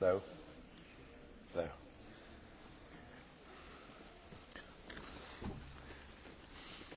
though.